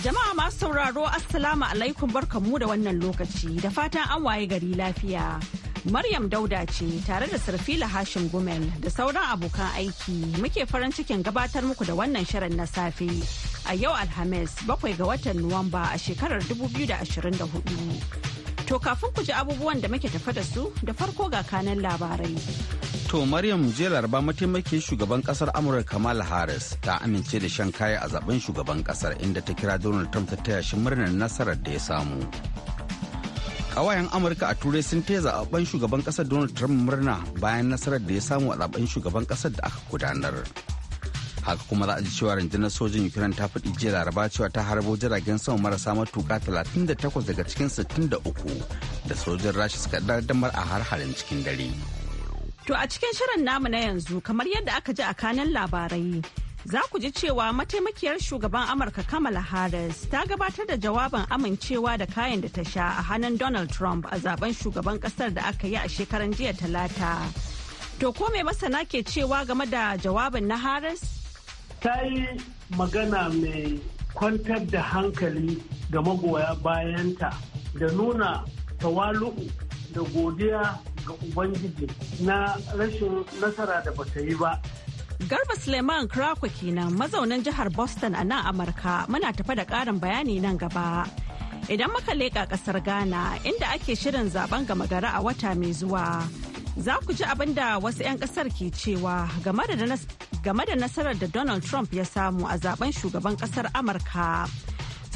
Jama'a masu sauraro Assalamu alaikum barkanmu da wannan lokaci da fatan an waye gari lafiya. Maryam Dauda ce tare da Sarfila Hashim Gumel da sauran abokan aiki muke farin cikin gabatar muku da wannan shirin na safe a yau Alhamis bakwai ga watan Nuwamba a shekarar 2024. To kafin ku ji abubuwan da muke tafa da su da farko ga kanan labarai. To Maryam jiya laraba mataimakin shugaban kasar Amurka Kamala Harris ta amince da shan kaya a zaben shugaban kasar inda ta kira Donald Trump ta taya shi murnar nasarar da ya samu. Kawayen Amurka a Turai sun taya zaben shugaban kasar Donald Trump murna bayan nasarar da ya samu a zaben shugaban kasar da aka gudanar. Haka kuma za a ji cewa rundunar sojin Ukraine ta faɗi jiya laraba cewa ta harbo jiragen sama marasa matuka 38 daga cikin 63 da sojin Rasha suka damar a har cikin dare. To a cikin shirin namu na yanzu kamar yadda aka ji a kanin labarai. Za ku ji cewa mataimakiyar shugaban Amurka Kamala Harris ta gabatar da jawabin amincewa da kayan da ta sha a hannun Donald Trump a zaben shugaban kasar da aka yi a shekaran jiya talata. To ko mai masana ke cewa game da jawabin na Harris? Ta yi magana mai kwantar da hankali ga magoya bayanta da nuna tawalu da godiya ga ubangiji na rashin nasara da bata yi ba Garba Suleiman Krakwa kenan mazaunan jihar Boston a nan Amurka muna tafa da ƙarin bayani nan gaba. Idan muka leƙa ƙasar Ghana inda ake shirin zaben gama gari a wata mai zuwa. Za ku ji abin da wasu 'yan ƙasar ke cewa game da nasarar da Donald Trump ya samu a zaben shugaban ƙasar Amurka.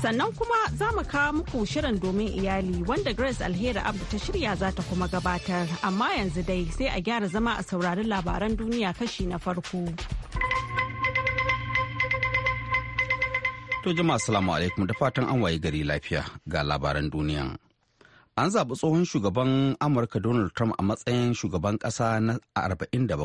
sannan kuma za mu kawo muku shirin domin iyali wanda grace alheri abu ta shirya za ta kuma gabatar amma yanzu dai sai a gyara zama a saurari labaran duniya kashi na farko to jama'a assalamu alaikum da fatan an waye gari lafiya ga labaran duniya an zaɓi tsohon shugaban amurka donald trump a matsayin shugaban ƙasa na 47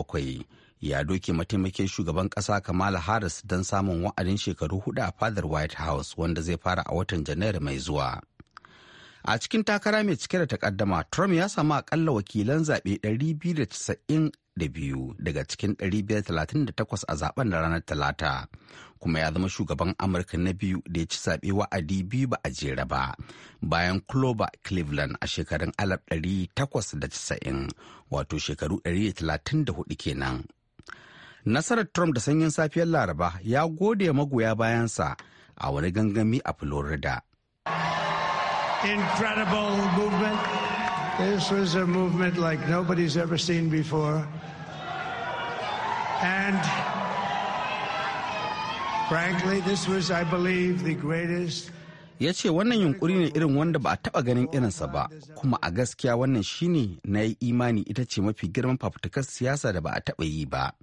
ya doke mataimakin shugaban kasa kamala harris don samun wa'adin shekaru hudu a fadar white house wanda zai fara a watan janairu mai zuwa a cikin takara mai cike da takaddama trump ya samu akalla wakilan zaɓe 292 daga cikin 538 a zaben da ranar talata kuma ya zama shugaban amurka na biyu da ya ci zaɓe wa'adi biyu ba a jere ba bayan clover cleveland a shekarun 1890 wato shekaru 134 kenan nasarar trump da sanyin safiyar laraba ya gode magoya bayansa a wani gangami a florida incredible movement this was a movement like nobody's ever seen before and frankly this was i believe the greatest ya ce wannan yunkuri ne irin wanda ba a taba ganin irinsa ba kuma a gaskiya wannan shine na yi imani ita ce mafi girman fafutukar siyasa da ba a taba yi ba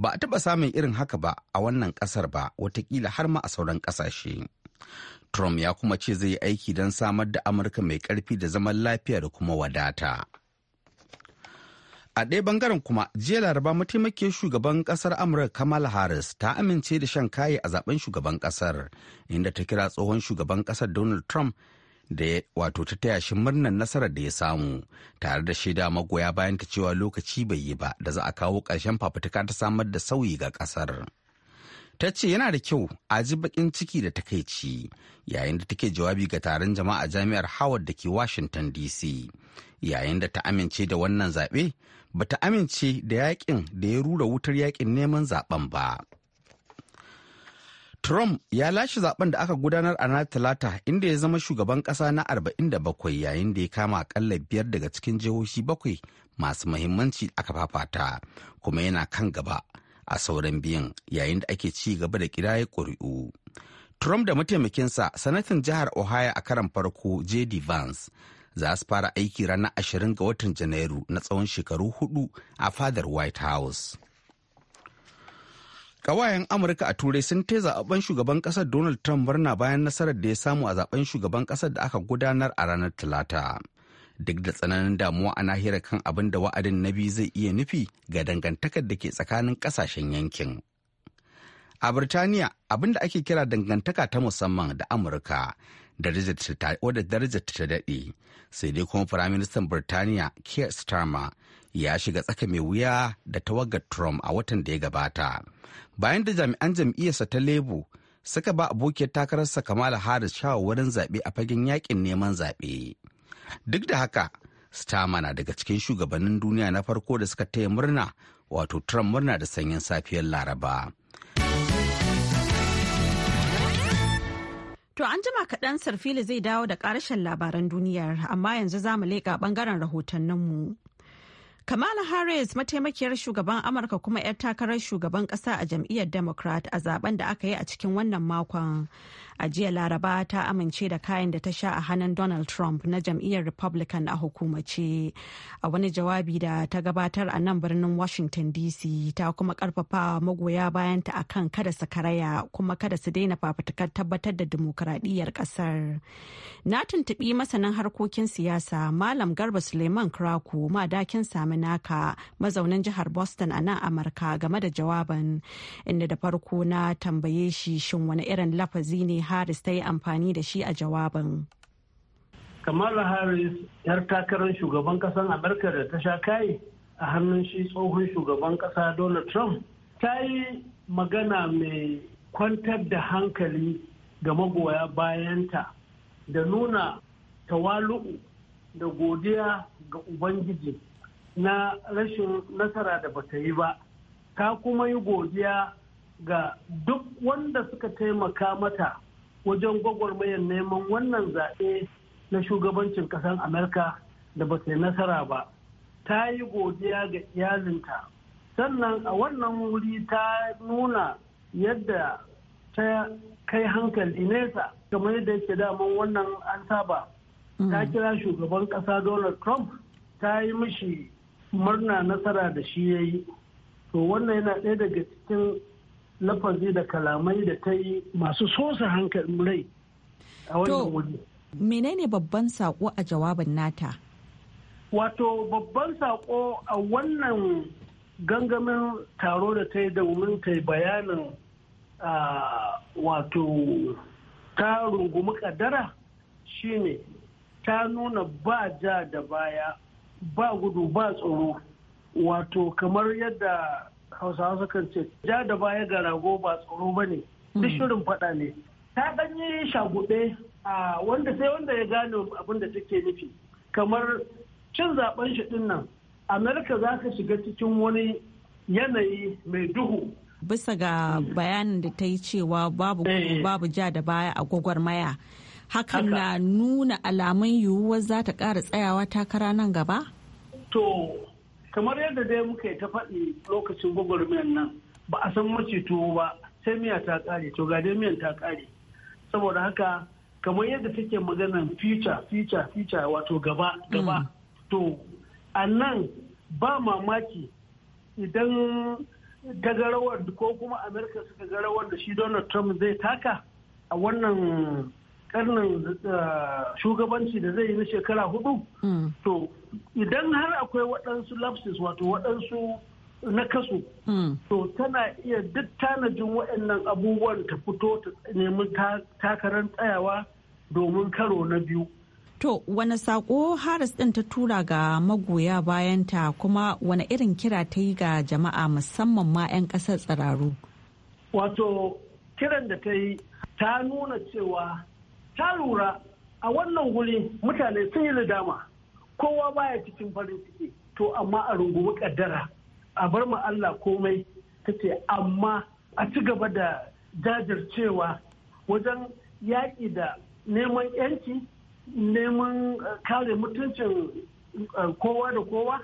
ba a taba samun irin haka ba a wannan kasar ba watakila har ma a sauran kasashe trump ya kuma ce zai yi aiki don samar da amurka mai karfi da zaman lafiya da kuma wadata a ɗaya bangaren kuma jiya laraba mataimakiyar shugaban ƙasar amurka kamala harris ta amince da shan kaye a zaben shugaban ƙasar, inda ta kira tsohon shugaban ƙasar donald trump da wato ta taya shi murnar nasarar da ya samu tare da shaida magoya bayan ta cewa lokaci bai yi ba da za a kawo ƙarshen fafutuka ta samar da sauyi ga ƙasar. ta ce yana da kyau a ji bakin ciki da takaici yayin da take jawabi ga taron jama'a jami'ar howard da ke washington dc yayin da ta amince da wannan zaɓe ba ta amince da yakin da ya rura wutar yakin neman zaben ba. Trump ya lashe zaben da aka gudanar a ranar Talata inda ya zama shugaban kasa na 47 yayin da ya kama akalla biyar daga cikin jihohi bakwai masu mahimmanci aka fafata kuma yana kan gaba a sauran biyan yayin da ake ci gaba da kiraye ƙuri'u. Trump da mataimakinsa sanatin jihar Ohio a karan farko J.D. Vance za su fara aiki ranar 20 ga watan janairu na tsawon shekaru hudu a fadar white house Kawayen Amurka a Turai sun tai zaɓen shugaban ƙasar Donald Trump barna bayan nasarar da ya samu a zaɓen shugaban ƙasar da aka gudanar a ranar Talata. Duk da tsananin damuwa a nahiyar kan abin da wa'adin na biyu zai iya nufi ga dangantakar da ke tsakanin ƙasashen yankin. A Birtaniya abin da ake kira dangantaka ta musamman da Amurka wadda darajarta ta daɗe sai dai kuma firaministan birtaniya keir starmer ya shiga tsaka mai wuya da tawagar trump a watan da ya gabata bayan da jami'an jam'iyyarsa ta Lebo suka ba abokiyar takararsa kamala harris shawarwarin zaɓe a fagen yakin neman zaɓe duk da haka starmer na daga cikin shugabannin duniya na farko da suka taya murna wato trump murna da sanyin safiyar laraba To an jima kaɗan sarfili zai dawo da ƙarashen labaran duniyar amma yanzu za mu leƙa ɓangaren rahotanninmu. Kamala Harris mataimakiyar shugaban Amurka kuma 'yar takarar shugaban ƙasa a jam'iyyar Democrat a zaben da aka yi a cikin wannan makon. a jiya laraba ta amince da kayan da ta sha a hannun donald trump na jam'iyyar republican a hukumace a wani jawabi da ta gabatar a nan birnin washington dc ta kuma karfafa magoya bayanta a kan kada su karaya kuma kada su daina fafutukar tabbatar da dimokuraɗiyyar ƙasar na tuntuɓi masanin harkokin siyasa malam garba suleiman krako madakin sami naka mazaunin jihar boston a nan amurka game da jawaban inda da farko na tambaye shi shin wani irin lafazi ne Harris ta yi amfani da shi a jawabin. Kamala Harris yar takarar shugaban kasan Amurka da ta sha kai a hannun shi tsohon shugaban kasa Donald Trump ta yi magana mai kwantar da hankali ga magoya bayanta da nuna tawalu'u da godiya ga Ubangiji na rashin nasara da bata yi ba ta kuma yi godiya ga duk wanda suka taimaka mata wajen gwagwarmayar neman wannan zaɓe na shugabancin ƙasar amurka da ba ta nasara ba ta yi godiya ga iyalinta sannan a wannan wuri ta nuna yadda ta kai hankali nesa kamar yadda yake daman wannan an saba ta mm. kira shugaban ƙasa donald trump ta yi mishi murna nasara da shi ya yi to wannan yana ɗaya daga cikin lafazi da kalamai da ta yi masu sosa hankalin rai a wannan wuri. menene babban sako a jawabin nata? Wato babban sako a wannan gangamin taro da ta yi domin ta yi bayanin wato ta rungumi kadara shine ta nuna ba ja da baya ba gudu ba tsoro wato kamar yadda hausawa sukan ce ja da baya ga rago ba tsoro ba ne duk hmm. shirin faɗa ne ta ɗan yi a wanda sai wanda ya gane abin da take nufi kamar cin zaben shi ɗin nan amerika za ka shiga cikin wani yanayi mai duhu bisa ga bayanin da ta yi cewa babu eh, eh. babu ja da baya a gwagwarmaya hakan na nuna alamun yiwuwar za ta ƙara tsayawa takara nan gaba? To kamar yadda dai muka yi ta faɗi lokacin gwagwarmiyar nan ba a san mace tuwo ba sai miya ta ƙare to ga dai miyan ta ƙare saboda haka kamar yadda take maganan future future future wato gaba gaba mm. to a nan ba mamaki idan ta ko kuma amurka suka ga rawar da shi donald trump zai taka a wannan karnin eh, shugabanci da zai yi na shekara hudu hmm. to idan har akwai waɗansu lapses wato waɗansu na kasu hmm. to tana iya duk tanajin waɗannan abubuwan ta fito ta nemi takarar tsayawa domin karo na biyu To, wani saƙo Haris ɗin ta tura ga magoya bayanta kuma wani irin kira ta yi ga jama'a musamman ma 'yan ƙasar tsiraru? Wato, kiran da ta yi ta nuna cewa ta lura a wannan guri mutane sun yi dama kowa baya cikin farin ciki to amma a rungumi kaddara a bar mu Allah komai ta ce amma a ci gaba da jajircewa wajen yaƙi da neman yanci neman eh, kare mutuncin eh, kowa da kowa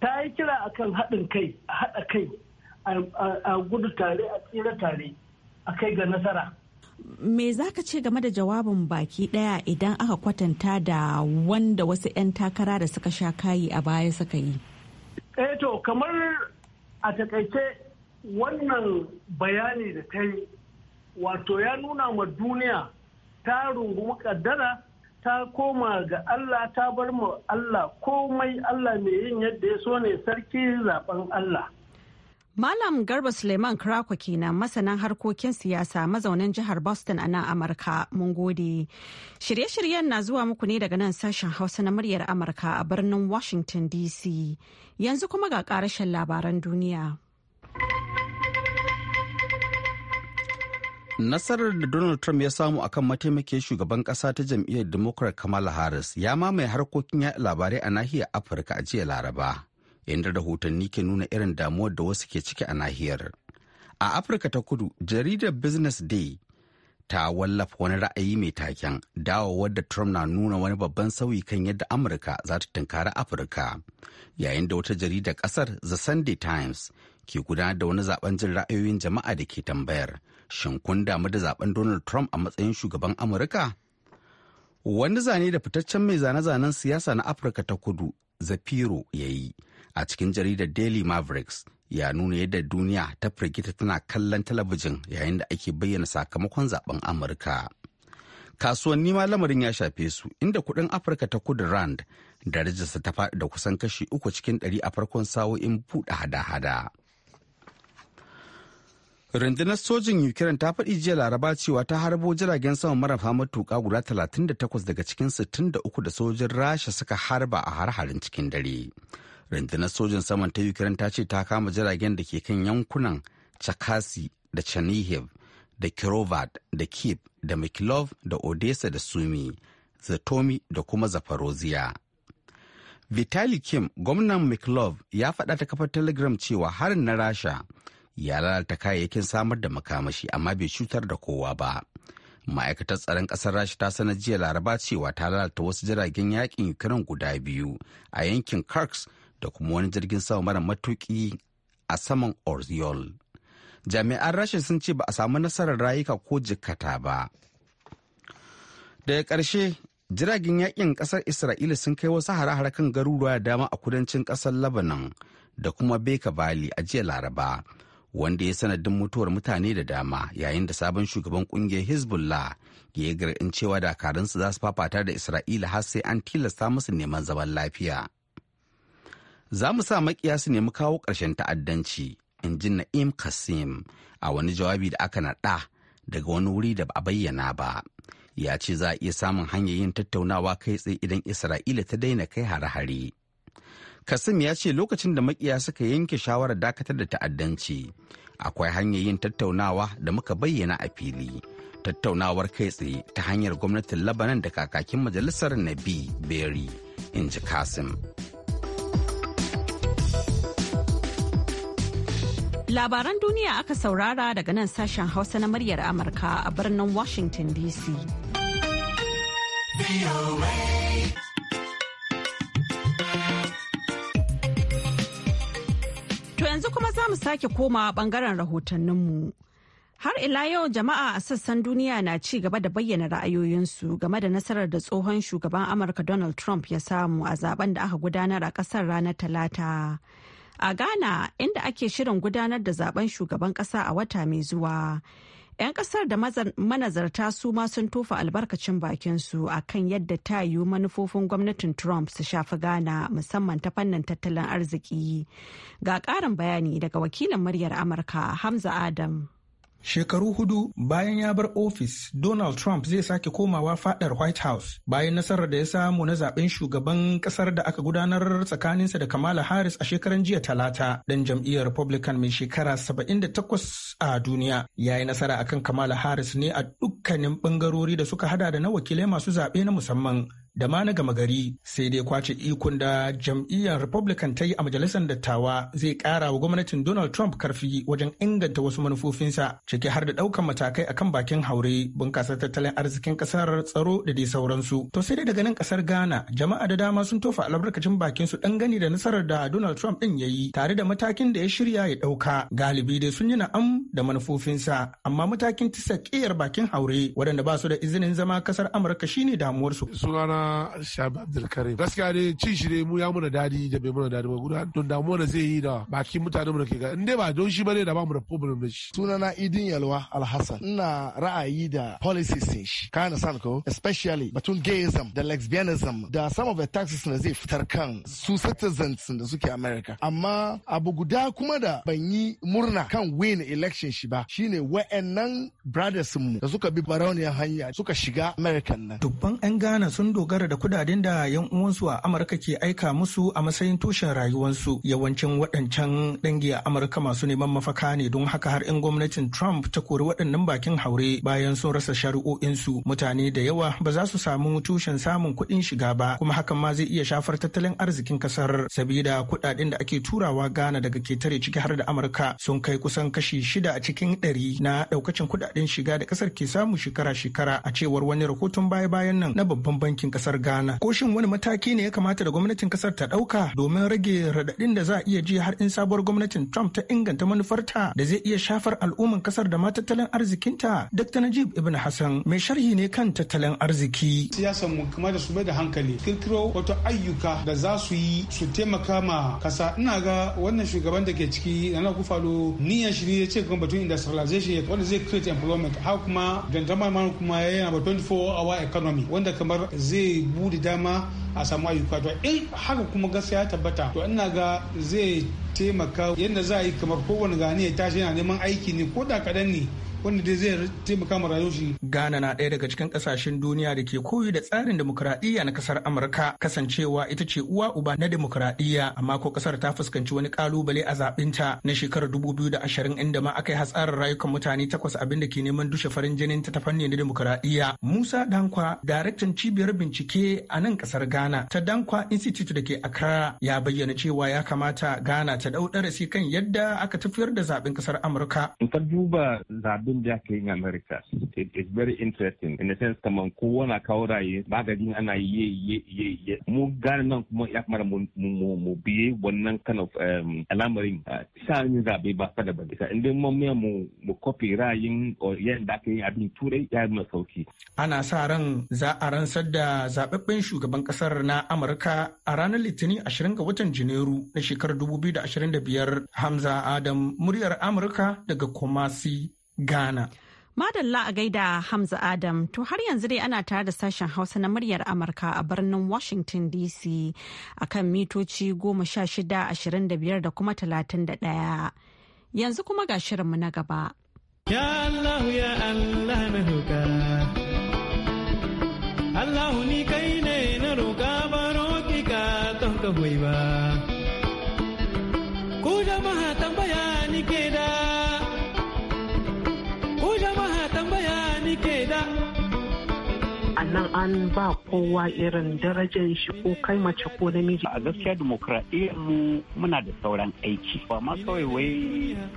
ta yi kira akan haɗin kai a haɗa kai a gudu tare a tsira tare a kai ga nasara me za ka ce game da jawabin baki daya idan aka kwatanta da wanda wasu 'yan takara da suka sha kayi a baya suka yi? eh to kamar a takaice wannan bayani da ta yi wato ya nuna ma duniya ta rungumi kaddara ta koma ga Allah ta bar mu Allah komai Allah mai yin yadda ya so ne sarki zaben Allah Malam Garba Suleiman Krako kenan masanan harkokin siyasa mazaunin jihar Boston a nan Amurka mun gode. Shirye-shiryen na zuwa muku ne daga nan sashen Hausa na muryar Amurka a birnin Washington DC. Yanzu kuma ga karashen labaran duniya. Nasarar da Donald Trump ya samu a kan mataimakin shugaban ƙasa ta jam'iyyar Democrat Kamala Harris ya mamaye harkokin yaɗa labarai a nahiyar Afirka a jiya Laraba. inda rahotanni ke nuna irin damuwar da wasu ke ciki a nahiyar. A Afirka ta kudu, jaridar Business Day ta wallafa wani ra'ayi mai taken dawowar wadda Trump na nuna wani babban sauyi kan yadda Amurka za ta tunkari Afirka, yayin da wata jaridar kasar The Sunday Times ke gudanar da wani zaben jin ra'ayoyin jama'a da ke tambayar shin kun damu da zaben Donald Trump a matsayin shugaban Amurka? Wani zane da fitaccen mai zane-zanen siyasa na Afirka ta kudu, Zafiro ya yi. a cikin jaridar daily mavericks ya nuna yadda duniya ta firgita tana kallon talabijin yayin da ake bayyana sakamakon zaben amurka kasuwanni ma lamarin ya shafe su inda kudin afirka ta kudu rand darajarsa ta faɗi da kusan kashi uku cikin ɗari a farkon sawo'in buɗe hada-hada rundunar sojin ukraine ta faɗi jiya laraba cewa ta harbo jiragen sama marafa tuka guda 38 daga cikin 63 da sojin rasha suka harba a harharin cikin dare rundunar sojin saman ta ukraine ta ce ta kama jiragen da ke kan yankunan chakasi da chernihiv da kirovat da kiev da mikilov da odessa da sumi zatomi da kuma zaporozhia vitali kim gwamnan mikilov ya faɗa ta kafar telegram cewa harin na rasha ya lalata kayayyakin samar da makamashi amma bai cutar da kowa ba ma'aikatar tsaron ƙasar rasha ta sanar jiya laraba cewa ta lalata wasu jiragen yakin ukraine guda biyu a yankin kirks da kuma wani jirgin sama mara matuki a saman orziol jami'an rasha sun ce ba a samu nasarar rayuka ko jikata ba daga ƙarshe jiragen yakin ƙasar isra'ila sun kai wasu hare-hare kan garuruwa da dama a kudancin ƙasar lebanon da kuma beka bali a jiya laraba wanda ya sanadin mutuwar mutane da dama yayin da sabon shugaban ƙungiyar hezbollah ya yi cewa dakarunsu za su fafata da isra'ila har sai an tilasta musu neman zaman lafiya za mu sa makiya su mu kawo ƙarshen ta'addanci in ji na'im kasim a wani jawabi da aka naɗa daga wani wuri da ba a bayyana ba ya ce za a iya samun hanyoyin tattaunawa kai tsaye idan isra'ila ta daina kai hare-hare kasim ya ce lokacin da makiya suka yanke shawarar dakatar da ta'addanci akwai hanyoyin tattaunawa da muka bayyana a fili tattaunawar kai tsaye ta hanyar gwamnatin labanan da kakakin majalisar nabi berry in ji kasim Labaran duniya aka saurara daga nan sashen Hausa na muryar Amurka a birnin Washington DC. To yanzu kuma za mu sake koma bangaren rahotanninmu. Har ila yau jama'a a sassan duniya na ci gaba da bayyana ra'ayoyinsu game da nasarar da tsohon shugaban Amurka Donald Trump ya samu a zaben da aka gudanar a ƙasar ranar Talata. A Ghana, inda ake shirin gudanar da zaben shugaban ƙasa a wata mai zuwa. 'Yan ƙasar da manazarta su ma sun tofa albarkacin bakinsu a kan yadda ta yiwu manufofin gwamnatin Trump su shafi Ghana musamman ta fannin tattalin arziki. Ga ƙarin bayani daga wakilin muryar Amurka Hamza Adam. Shekaru hudu bayan ya bar ofis, Donald Trump zai sake komawa fadar White House bayan nasarar da ya samu na zaben shugaban kasar da aka gudanar tsakaninsa da Kamala Harris a shekaran jiya talata. Dan jam'iyyar Republican mai shekara 78 a duniya ya yi nasara akan Kamala Harris ne a dukkanin bangarori da suka hada da na wakilai masu zaɓe na musamman da ma na gama gari sai dai kwace ikon da jam'iyyar republican ta yi a majalisar dattawa zai kara wa gwamnatin donald trump karfi wajen inganta wasu manufofinsa ciki har da daukan matakai akan bakin haure bunkasa tattalin arzikin kasar tsaro da dai sauransu to sai dai daga nan kasar ghana jama'a da dama sun tofa albarkacin bakin su dangane da nasarar da donald trump din ya yi tare da matakin da ya shirya ya dauka galibi dai sun yi na'am da manufofinsa amma matakin tisa kiyar bakin haure waɗanda ba su da izinin zama kasar amurka shine damuwarsu sunana kuma shabi abdulkarim gaskiya dai cin shi ne mu ya muna dadi da bai muna dadi ba guda don damuwa da zai yi da bakin mutanen mu da ke ga in ba don shi bane da ba mu da problem da shi sunana idin yalwa alhassan ina ra'ayi da policies din shi kana san ko especially batun gayism da lesbianism da some of the taxes na zai fitar kan su citizens da suke america amma abu guda kuma da ban yi murna kan win election shi ba shine wa'annan brothers mu da suka bi barauniyar hanya suka shiga american nan dubban 'yan ghana sun dogara dogara da kudaden da yan uwansu a Amurka ke aika musu a matsayin tushen rayuwarsu. Yawancin waɗancan dangi a Amurka masu neman mafaka ne don haka har in gwamnatin Trump ta kori waɗannan bakin haure bayan sun rasa shari'o'insu mutane da yawa ba za su samu tushen samun kuɗin shiga ba kuma hakan ma zai iya shafar tattalin arzikin kasar sabida kudaden da ake turawa Ghana daga ketare ciki har da Amurka sun kai kusan kashi shida a cikin ɗari na ɗaukacin kudaden shiga da ƙasar ke samu shekara-shekara a cewar wani rahoton baya-bayan nan na babban bankin kasar Ghana. Ko shin wani mataki ne ya kamata da gwamnatin kasar ta ɗauka domin rage radadin da za a iya ji har in sabuwar gwamnatin Trump ta inganta manufarta da zai iya shafar al'umman kasar da ma tattalin arzikinta? Dr. Najib Ibn Hassan mai sharhi ne kan tattalin arziki. siyasan mu kuma da su da hankali kirkiro wato ayyuka da za su yi su taimaka ma kasa ina ga wannan shugaban da ke ciki na kufalo niyan shi ne ya ce kuma batun industrialization wanda zai create employment haka kuma gandamar kuma yana ba 24 hour economy wanda kamar zai zai buɗe dama a samu ayyuka to in haka kuma gaskiya ya tabbata to ina ga zai taimaka yadda za a yi kamar kowane gani ya tashi yana neman aiki ne ko da kaɗan ne wanda dai zai taimaka ma rayuwar shi. Ghana na ɗaya daga cikin ƙasashen duniya da ke koyi da tsarin demokuraɗiyya na ƙasar Amurka kasancewa ita ce uwa uba na demokuraɗiyya amma ko ƙasar ta fuskanci wani ƙalubale a ta. na shekarar ashirin inda ma aka yi hatsarin rayukan mutane takwas abinda ke neman dushe farin jinin ta fanni na demokuraɗiyya. Musa Dankwa, daraktan cibiyar bincike a nan ƙasar Ghana ta Dankwa Institute da ke Accra ya bayyana cewa ya kamata Ghana ta ɗau ɗarasi kan yadda aka tafiyar da zaɓen ƙasar Amurka. In ka duba abin da aka yi a America it is very interesting in the sense kaman kowa na kawo raye magani ana ye ye ye ye mu gane nan kuma ya kamar mu biye wannan kind of um, al'amarin sha'anin zabe ba fa ba bisa inda mu miya mu mu copy rayin da aka yi abin turai ya yi sauki ana sa ran za a rantsar da zaɓaɓɓen shugaban kasar na Amurka a ranar Litinin ashirin ga watan Janairu na shekarar biyar Hamza Adam muryar Amurka daga Kumasi Ghana. Madalla a gaida Hamza Adam, to har yanzu dai ana tare da sashen Hausa na muryar Amurka a birnin Washington DC a kan mitoci goma sha da kuma 31. Yanzu kuma ga shirinmu na gaba. Ya Allah ya Allah na roƙa. Allah ni kai ne na roƙa ba roƙi ka kan ba. Ku jama'a tambaya ni ke da an ba kowa irin darajar shi ko kai mace ko namiji. A gaskiya dimokuraɗiyyar mu muna da sauran aiki. Ba ma kawai wai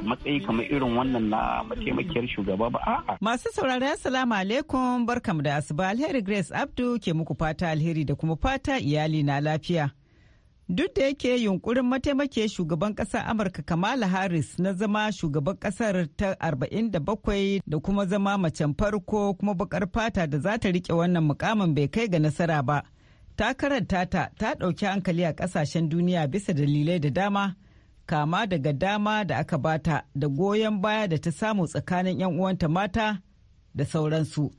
matsayi kamar irin wannan na mataimakiyar shugaba ba a'a. Masu saurari assalamu alaikum barkamu da asuba alheri Grace Abdu ke muku fata alheri da kuma fata iyali na lafiya. Duk da yake yunkurin mataimake shugaban ƙasar Amurka Kamala Harris na zama shugaban ƙasar ta 47 da kuma zama macen farko kuma bakar fata da za ta rike wannan mukamin bai kai ga nasara ba. Takarar tata ta ɗauki hankali a ƙasashen duniya bisa dalilai da dama, kama daga dama da aka bata da goyon baya da ta samu tsakanin 'yan uwanta mata da sauransu.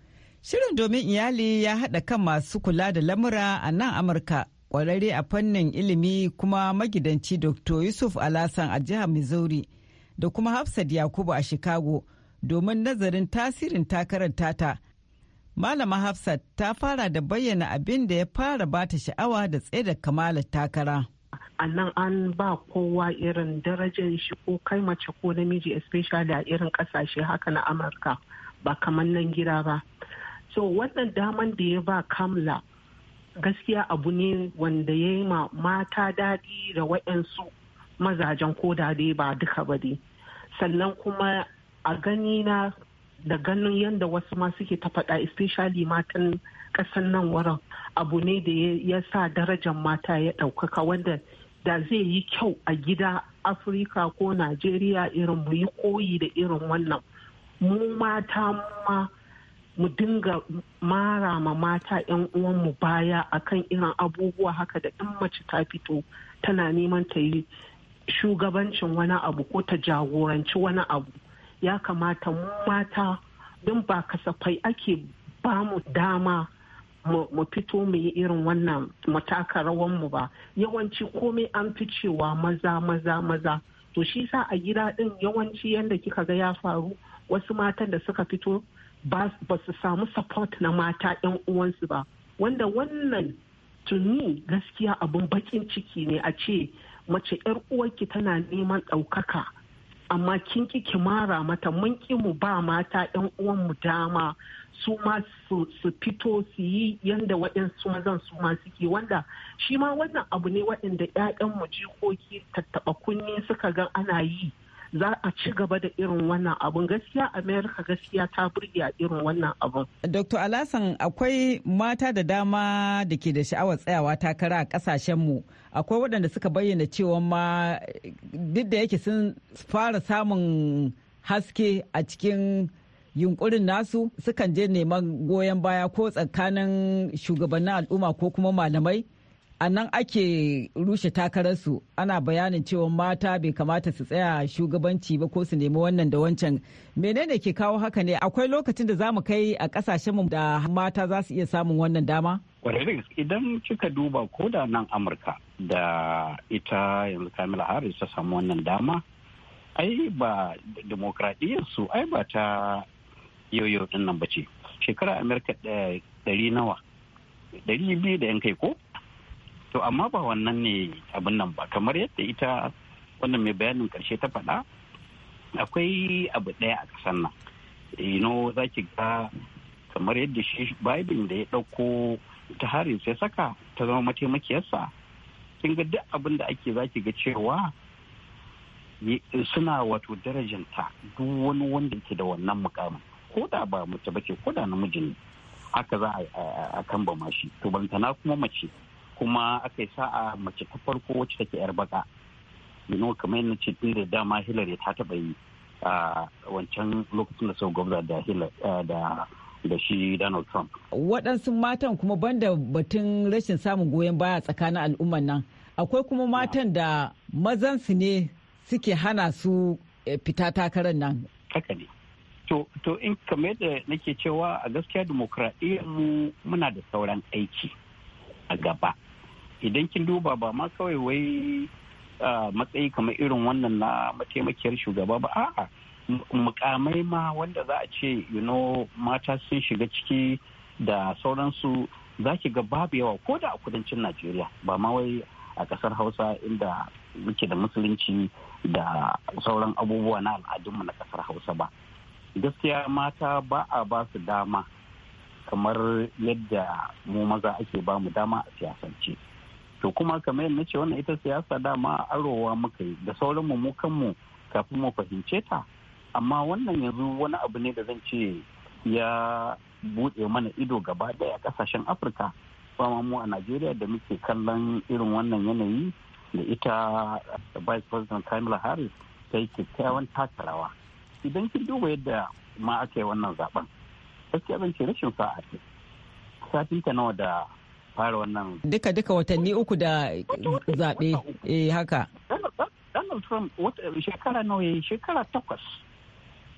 Shirin domin iyali ya haɗa kan masu kula da lamura a nan Amurka kwararre a fannin ilimi kuma magidanci Dr. Yusuf Alasan a jihar Missouri da kuma Hafsat Yakubu a Chicago domin nazarin tasirin takarar tata. Malama Hafsat ta fara da bayyana abin da ya fara bata sha'awa da tsaida kamala takara. a nan an ba kowa irin darajar shi ko kai mace ko namiji especially a irin kasashe haka na amurka ba kamar nan gida ba so wannan daman da ya ba kamla gaskiya abu ne wanda ya yi ma mata daɗi da waɗansu mazajen ko da dai ba duka ba dai sannan kuma a gani na da ganin yadda wasu ma suke ta faɗa especially matan ƙasan nan wurin abu ne da ya sa darajar mata ya ɗaukaka wanda da zai yi kyau a gida afirka ko najeriya irin mu yi koyi da irin wannan mu mata ma mu dinga mara ma mata 'yan uwanmu baya akan irin abubuwa haka da in mace ta fito tana neman ta yi shugabancin wani abu ko ta jagoranci wani abu ya kamata mu mata don ba kasafai ake ba mu dama mu fito mu yi irin wannan mataka rawanmu ba yawanci komai an fi cewa maza maza maza to shi sa a gida din yawanci yadda kika ga ya faru wasu matan da suka fito ba su samu support na mata 'yan uwansu ba wanda wannan tuni gaskiya abin bakin ciki ne a ce mace 'yar uwarki tana neman ɗaukaka amma kin ki kimara mata mun ki mu ba mata 'yan uwanmu dama su ma su fito su yi yadda waɗansu mazan su ma suke wanda shi ma wannan abu ne waɗanda 'ya'yanmu jikoki tattaɓa kunni suka ga ana yi za a ci gaba da irin wannan abun gaskiya amerika gaskiya ta burge a irin wannan abun dr alasan akwai mata da dama da ke da sha'awar tsayawa takara a kasashenmu akwai waɗanda suka bayyana cewa ma duk da yake sun fara samun haske a cikin yunkurin nasu sukan je neman goyon baya ko tsakanin shugabannin al'umma ko kuma malamai a nan ake rushe takararsu ana bayanin cewa mata bai kamata su tsaya shugabanci ba ko su nemi wannan da wancan menene ke kawo haka ne akwai lokacin da za mu kai a mu. da mata za su iya samun wannan dama idan kika duba ko da nan Amurka da ita yanzu kamila Harris ta samu wannan dama ai ba demokradiyyar su ai ba ta yoyo din nan ce. shekara Amurka eh, ɗari nawa ɗari biyu da yan kai ko to amma ba wannan ne abin nan ba kamar yadda ita wannan mai bayanin karshe ta faɗa akwai abu ɗaya a ƙasar nan ino za ki ga kamar yadda shi biden da ya ɗauko ta harin sai saka ta zama mataimakiyarsa kin ga duk abin da ake za ki ga cewa suna wato darajanta duk wani wanda ke da wannan mukamin ko da ba mace bace ko da namiji ne haka za a kan ba mashi to bantana kuma mace kuma aka yi sa'a mace ta farko wacce take yar baka you kamar yadda ce tun da dama hillary ta taba yi a wancan lokacin da sau gwamna da da shi donald trump waɗansu matan kuma banda batun rashin samun goyon baya tsakanin al'umman nan akwai kuma matan da mazansu ne suke hana su e, fita takarar nan haka ne to in kamar yadda nake cewa a gaskiya demokradiyyar mu muna da sauran aiki a gaba idan kin duba ba ma kawai wai matsayi kamar irin wannan na mataimakiyar shugaba ba a'a mukamai ma wanda za a ce you know mata sun shiga ciki da sauransu za ki ga babu yawa ko da a kudancin najeriya ba ma wai a kasar hausa inda muke da musulunci da sauran abubuwa na al'adunmu na kasar hausa ba gaskiya mata ba a ba su dama kamar yadda mu maza ake ba mu dama a siyasance to kuma kamar yadda ce wannan ita siyasa dama arowa muka yi da sauran mu kanmu kafin mu fahimce ta amma wannan yanzu wani abu ne da zan ce ya buɗe mana ido gaba daya kasashen afirka ba mu a najeriya da muke kallon irin wannan yanayi da ita vice president kamala harris ta yi kyakkyawan takarawa idan kin duba yadda ma aka yi wannan zaben gaskiya zan ce rashin sa'a ce satinta nawa da fara wannan duka duka watanni uku da zaɓe eh haka Donald Trump shekara nawa yayi shekara takwas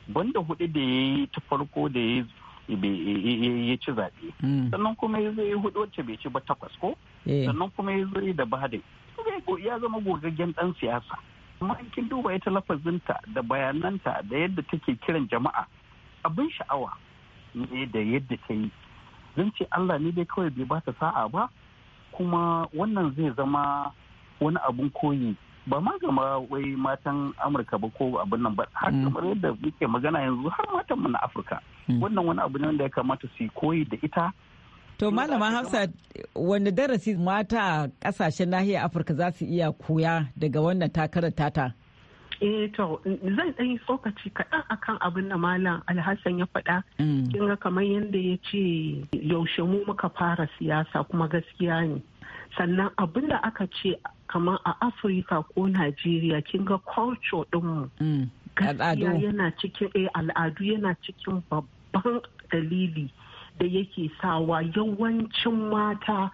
banda hudu da yayi ta farko da ya ci zaɓe hmm. sannan kuma ya zai hudu wacce bai ci ba takwas ko eh. sannan kuma ya zai da Biden ya zama gogaggen dan siyasa amma in kin duba ita lafazinta da bayananta da yadda take kiran jama'a abin sha'awa ne da yadda ta yi zan ce allah ne dai kawai bai ba ta sa'a ba kuma wannan zai zama wani abun koyi ba ma gama wai matan amurka ba ko abin nan ba har mm. kamar yadda muke magana yanzu har matan mu na afirka mm. wannan wani abu ne wanda ya kamata su yi koyi da ita to malama hafsa wani darasi mata kasashen nahiyar afirka za su iya koya daga wannan takarar tata eh to zan ɗan yi tsokaci kaɗan akan abin da malam alhassan ya faɗa mm. kin ga kamar yadda ya ce yaushe mu muka fara siyasa kuma gaskiya ne sannan abin da aka ce kamar a afirka ko najeriya kin ga culture ɗinmu mm. gaskiya yana cikin eh, al'adu yana cikin babban dalili da yake sawa yawancin mata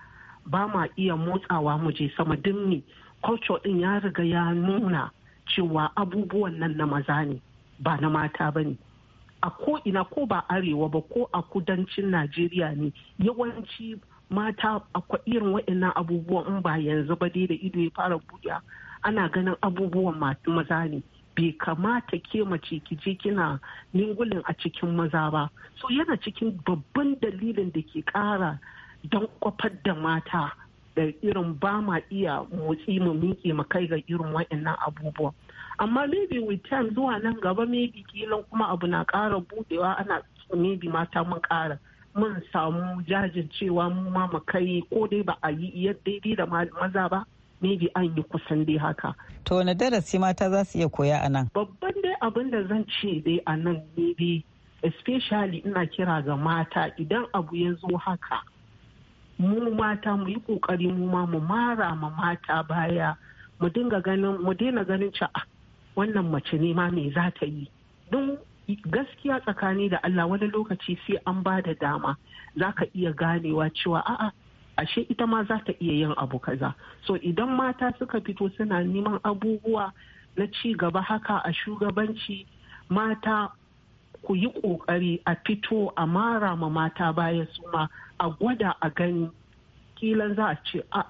ba ma iya motsawa mu je sama dinne culture ɗin ya riga ya nuna cewa abubuwan nan na maza ne ba na mata ba ne a ko ina ko ba arewa ba ko a kudancin najeriya ne yawanci mata akwai irin waɗannan abubuwan in ba yanzu ba dai da ido ya fara buɗe ana ganin abubuwan maza ne bai kamata ke mace ki je kina ningulin a cikin maza ba so yana cikin babban dalilin da ke ƙara don kwafar da mata da irin ba ma iya motsi mu miƙe mu kai ga irin wa'annan abubuwa amma maybe with time zuwa nan gaba maybe kilan kuma abu na ƙara budewa ana maybe mata mun ƙara mun samu jajircewa mu ma mu kai ko dai ba a yi daidai da maza ba maybe an yi kusan dai haka. To na darasi mata za su iya koya a nan? Babban dai abin da zan ce dai a nan maybe especially ina kira ga mata idan abu ya zo haka mu mata mu yi kokari mu ma mu mara ma mata baya mu dinga ganin mu daina ganin ca ah, wannan mace ne ma me za ta yi don gaskiya tsakani da Allah wani lokaci sai an ba da dama zaka iya ganewa cewa a'a ashe ita ma za ta iya yin abu kaza so idan mata suka fito suna neman abubuwa na ci gaba haka a shugabanci mata ku yi ƙoƙari a fito a mara ma mata baya suma a gwada a gani kilan za a ce a ah,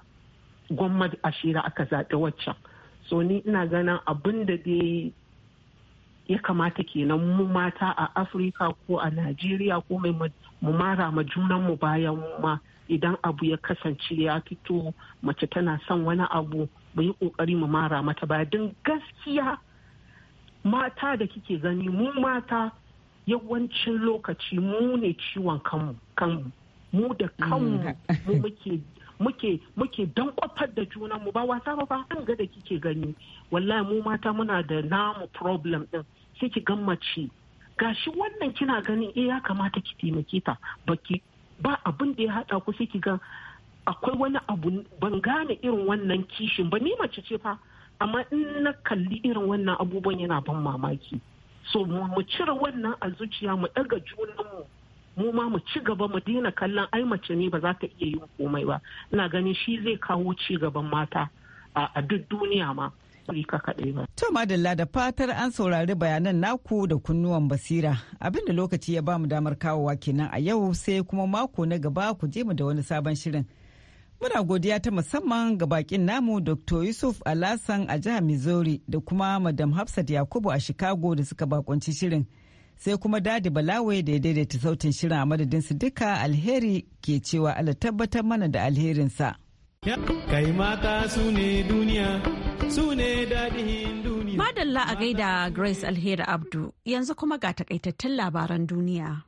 gwamnati a shira aka zaɓi waccan so ni ina ganin abin da dai ya kamata kenan mu mata a afirka ko a najeriya ko mai mu mara ma junanmu bayan ma idan abu ya kasance ya fito mace tana son wani abu mu yi kokari mu mara mata baya don gaskiya mata da kike gani mu mata yawancin lokaci mu ne ciwon kanmu kanmu mu da kanmu mm. mu muke muke muke dan kwafar da juna mu ba wasa ba ba an ga da kike gani wallahi mu mata muna da namu problem din sai ki gan mace gashi wannan kina ganin eh ya kamata ki taimake ta baki ba abin da ya hada ku sai ki ga akwai wani abu ban gane irin wannan kishin ba ni mace ce fa amma in na kalli irin wannan abubuwan yana ban mamaki so mu cire wannan a zuciya mu ɗaga junan mu ma mu ci gaba mu daina kallon ai mace ne ba za ta iya yin komai ba ina ganin shi zai kawo ci gaban mata a duk duniya ma kaɗai ba. To Madalla da fatar an saurari bayanan naku da kunnuwan basira abinda lokaci ya bamu damar kawowa kenan a yau sai kuma mako na gaba ku je mu da wani sabon shirin. Muna godiya ta musamman ga bakin namu Dr. Yusuf Alasan a jihar Missouri da kuma Madam Hafsat Yakubu a Chicago da suka bakunci shirin. Sai kuma Dadi Balawe da ya daidaita sautin shirin a madadin su duka alheri ke cewa Allah tabbatar mana da alherinsa. Kai mata su ne duniya, su ne dadihin duniya. Madalla a gaida Grace Alheri Abdu, yanzu kuma ga takaitattun labaran duniya.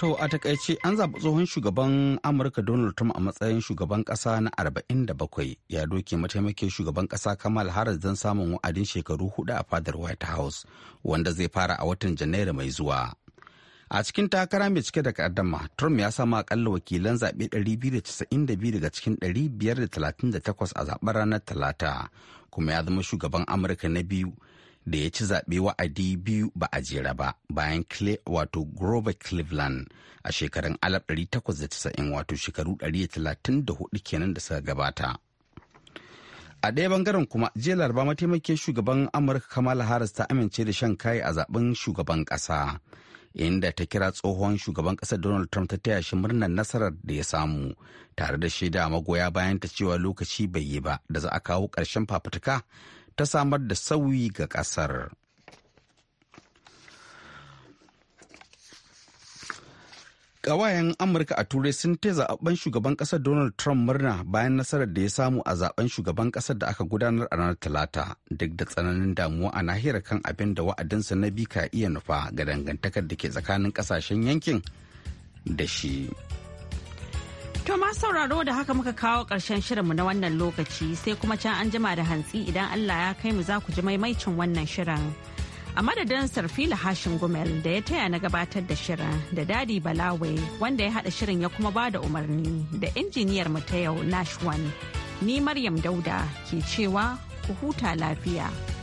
To a takaice an zaɓi tsohon shugaban Amurka Donald Trump a matsayin shugaban ƙasa na 47 ya doke mataimakin shugaban ƙasa Kamal Harris don samun wa'adin shekaru hudu a fadar White House wanda zai fara a watan Janairu mai zuwa. A cikin takara mai cike da kaddama, Trump ya sama akalla wakilan zaɓe 292 daga cikin 538 a zaɓen ranar Talata, kuma ya zama shugaban Amurka na biyu da ya ci zaɓe wa'adi biyu ba a jera ba bayan wato Grover Cleveland a shekarun 1890 wato shekaru 134 kenan da suka gabata. A ɗaya bangaren kuma jiya laraba mataimakin shugaban Amurka Kamala Harris ta amince da shan kai a zaben shugaban ƙasa. inda ta kira tsohon shugaban ƙasa Donald Trump ta taya shi murnar nasarar da ya samu tare da shaida magoya bayan ta cewa lokaci bai yi ba da za a kawo ƙarshen fafutuka ta samar da sauyi ga ƙasar. Ƙawayen Amurka a Turai sun ta zaɓen shugaban ƙasar Donald Trump murna bayan nasarar da ya samu a zaɓen shugaban ƙasar da aka gudanar a ranar Talata duk da tsananin damuwa a nahiyar kan abin da wa'adinsa na bi ka iya nufa ga dangantakar da ke tsakanin ƙasashen yankin da shi. To ma sauraro da haka muka kawo ƙarshen shirinmu na wannan lokaci sai kuma can an jima da hantsi idan Allah ya kai mu za ku ji maimaicin wannan shirin. A madadin Sarfila Hashin Gumel da ya taya na gabatar da shirin da Dadi Balawe wanda ya haɗa shirin ya kuma ba da umarni da injiniyar mu ta yau Nashwan. Ni Maryam Dauda ke cewa ku huta lafiya.